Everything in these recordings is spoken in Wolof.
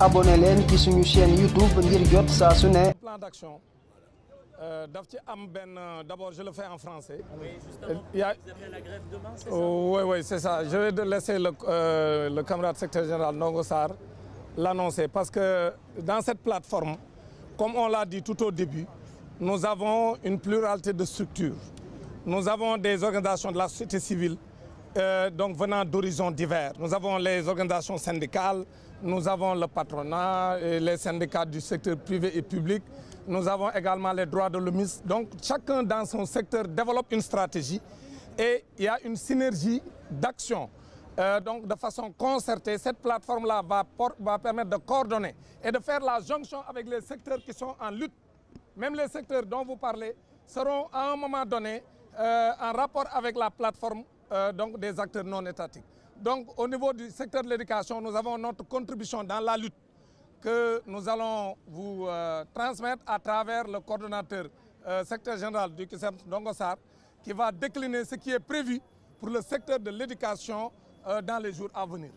abonné leen ci suñu chaîne YouTube ngir jot saa su ne. plan d'action euh, ci am benn euh, d'abord je le fais en français. oui justement euh, vous avez la grève demain, c'est ça? Oh, je vais laisser le euh, le camarade secrétaire général Ndongo Sarr l'annoncer parce que dans cette plateforme comme on l'a dit tout au début nous avons une pluralité de structures nous avons des organisations de la société civile. euh, donc venant d'horizons divers. Nous avons les organisations syndicales, nous avons le patronat, et les syndicats du secteur privé et public, nous avons également les droits de l'homme. Donc chacun dans son secteur développe une stratégie et il y a une synergie d'action. Euh, donc de façon concertée, cette plateforme-là va, va permettre de coordonner et de faire la jonction avec les secteurs qui sont en lutte. Même les secteurs dont vous parlez seront à un moment donné euh, en rapport avec la plateforme euh, donc des acteurs non étatiques. Donc au niveau du secteur de l'éducation, nous avons notre contribution dans la lutte que nous allons vous euh, transmettre à travers le coordonnateur euh, secteur général du donc Dongosar qui va décliner ce qui est prévu pour le secteur de l'éducation euh, dans les jours à venir.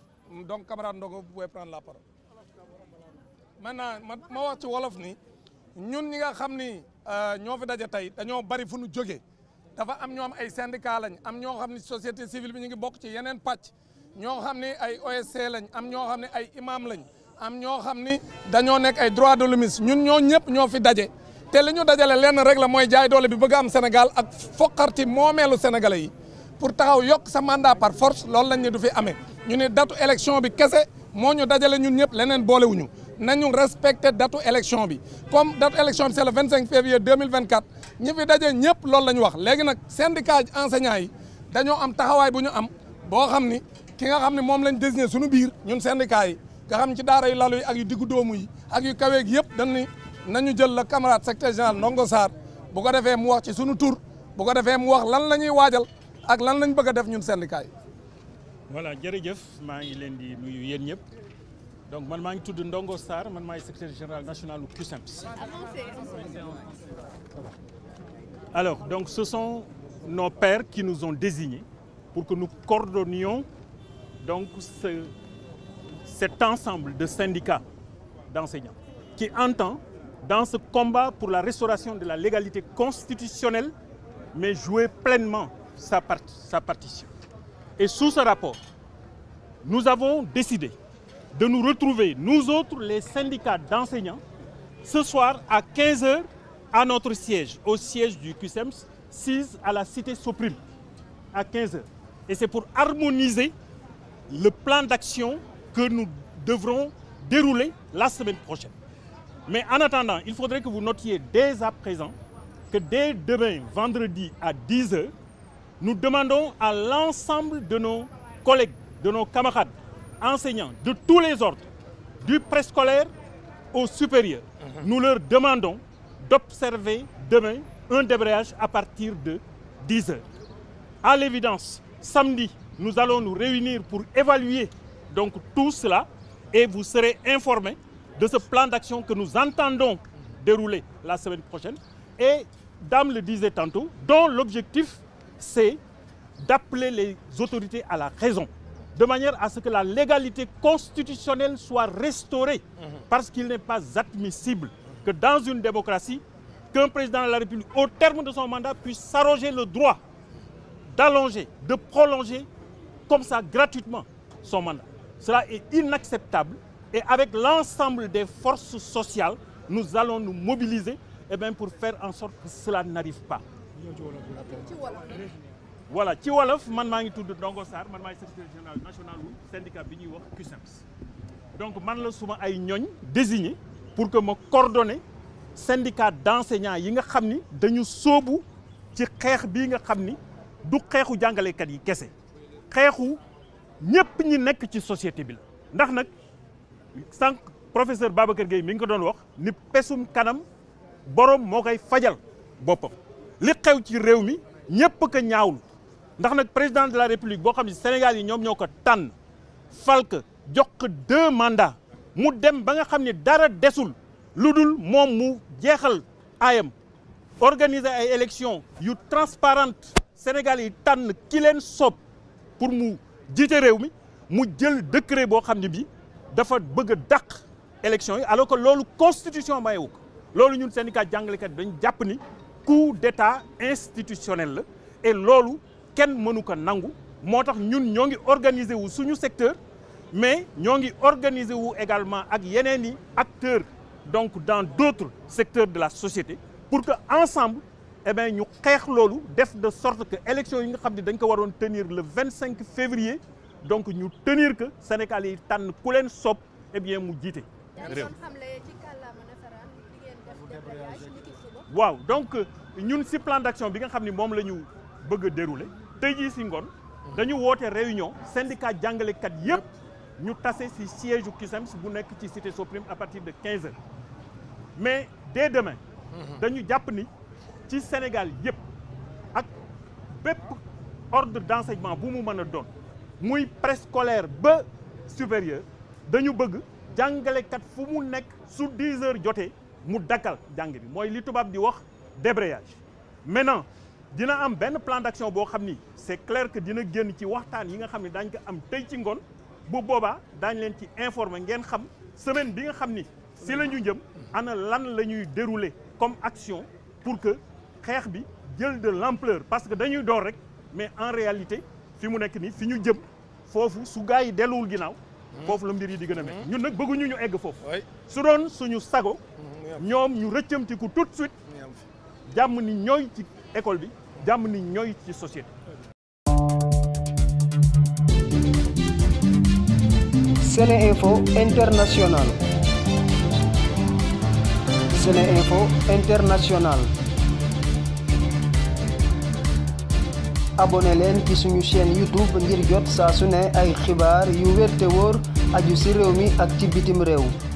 Donc camarade Ndogo, vous prendre la parole. Maintenant ma wax ci wolof ni ñun ñi nga xam ni euh, ñoo fi daje tey dañoo bari fu nu jógee dafa am ñoom ay syndicat lañ am ñoo xam ne société civile bi ñu ngi bokk ci yeneen pàcc ñoo xam ne ay OSC lañ am ñoo xam ne ay imam lañ am ñoo xam ni dañoo nekk ay droit de l'homme ñun ñoo ñëpp ñoo fi daje te li ñu dajale lenn rek la mooy jaay doole bi bëgg am Sénégal ak foqarti moomeelu sénégalais yi pour taxaw yokk sa mandat par force loolu lañ ne du fi amee ñu ne datu élection bi kese moo ñu dajale ñun ñëpp leneen boolewuñu na nañu respecté datu élection bi comme datu élection bi c'est le 25 février 2024 ñi fi daje ñëpp loolu la ñu wax léegi nag syndicat enseignants yi dañoo am taxawaay bu ñu am boo xam ni ki nga xam ne moom lañ désigné suñu biir ñun syndicat yi nga xam ci daara yu lalu yi ak yu diggu doomu ak yu kaweeg yëpp dañ ni ñu jël la camarade secrétaire général Ndongo Sarr bu ko defee mu wax ci suñu tur bu ko defee mu wax lan la ñuy waajal ak lan lañ bëgg def ñun syndicat yi voilà jërëjëf maa ngi leen di yéen ñëpp donc man maa ngi tudd Ndongo Sarr man maay secrétaire général national u CUSEMS alors donc ce sont nos pairs qui nous ont désignés pour que nous coordonnions donc ce cet ensemble de syndicats d'enseignants qui entend dans ce combat pour la restauration de la légalité constitutionnelle mais jouer pleinement sa part, sa partition Et sous ce rapport, nous avons décidé de nous retrouver, nous autres, les syndicats d'enseignants, ce soir à 15h à notre siège, au siège du QSEMS, 6 à la cité Soprime, à 15h. Et c'est pour harmoniser le plan d'action que nous devrons dérouler la semaine prochaine. Mais en attendant, il faudrait que vous notiez dès à présent que dès demain, vendredi à 10h, Nous demandons à l'ensemble de nos collègues, de nos camarades, enseignants de tous les ordres, du préscolaire au supérieur, mhm. nous leur demandons d'observer demain un débrayage à partir de 10 heures. À l'évidence, samedi, nous allons nous réunir pour évaluer donc tout cela et vous serez informés de ce plan d'action que nous entendons dérouler la semaine prochaine et, Dame le disait tantôt, dont l'objectif c'est d'appeler les autorités à la raison, de manière à ce que la légalité constitutionnelle soit restaurée, mhm. parce qu'il n'est pas admissible que dans une démocratie, qu'un président de la République, au terme de son mandat, puisse s'arroger le droit d'allonger, de prolonger comme ça gratuitement son mandat. Cela est inacceptable et avec l'ensemble des forces sociales, nous allons nous mobiliser eh bien, pour faire en sorte que cela n'arrive pas. voilà ci wolof man maa ngi tudd Ndongo Sarr man maa secrétaire général national wu syndicat bi ñuy wax CUSEMS donc man la suma ay ñooñ désigné pour que ma coordonné syndicat d'enseignants yi nga xam ni dañu sóobu ci xeex bii nga xam ni du xeexu jàngalekat yi kese xeexu ñëpp ñi nekk ci société bi la ndax nag sànq professeur kër Gueye mi ngi ko doon wax ni pesum kanam boroom moo koy fajal boppam li xew ci réew mi ñëpp ko ñaawul ndax nag président de la république boo xam ni Sénégal yi ñoom ñoo ko tànn fal ko jox ko deux mu dem ba nga xam ne dara desul lu dul moom mu jeexal ayam organiser ay élections yu transparente Sénégal yi tànn ki leen soob pour mu jiite réew mi mu jël décret boo xam ne bii dafa bëgg a dàq élections yi alors que loolu constitution mayewu ko loolu ñun syndicat jàngalekat dañ jàpp ni coup d'état institutionnel la et loolu kenn mënu ko nangu moo tax ñun ñoo ngi organiser wu suñu secteur mais ñoo ngi organiser wu également ak yeneen i acteurs donc dans d'autres secteur de la société pour que ensemble eh ñu xeex loolu def de sorte que élection yi nga xam ne dañ ko waroon tenir le vingt cinq février donc ñu tenir que Sénégal yi tànn ku leen sopp eh mu jiite waaw donc ñun si plan d'action bi nga xam ni moom la ñu bëgg a dérouler tey jii si ngoon dañu woote réunion syndicat jàngalekat yëpp ñu tase si siège u CUSEMS bu nekk ci cité Soprim à partir de 15 heures mais dès demain mhm. dañu jàpp ni ci Sénégal yëpp ak bépp ordre d'enseignement bu mu mën a doon muy préscolaire ba supérieur dañu bëgg jàngalekat fu mu nekk su 10 heures jotee mu dakkal jàng bi mooy li tubaab di wax débrayage maintenant dina am benn plan d'action boo xam ni c'est clair que dina génn ci waxtaan yi nga xam ni daañ ko am tey ci ngoon bu boobaa daañ leen ci informer ngeen xam semaine bi nga xam ni si la ñu jëm anna lan la ñuy dérouler comme action pour que xeex bi jël de l'ampleur parce que dañuy door rek mais en réalité fi mu nekk nii fi ñu jëm foofu su gars yi delluwul ginnaaw foofu la mbir yi di gën a mel mm-hmm. ñun nag bëgguñu ñu egg foofu su doon suñu sago mm-hmm. ñoom ñu rëccamtiku tout de suite jàmm bi jàmm ñooy ci société SeneInfo International SeneInfo leen ci suñu chaîne YouTube ngir jot saa su ne ay xibaar yu wér te aju ci réew mi ak ci bitim réew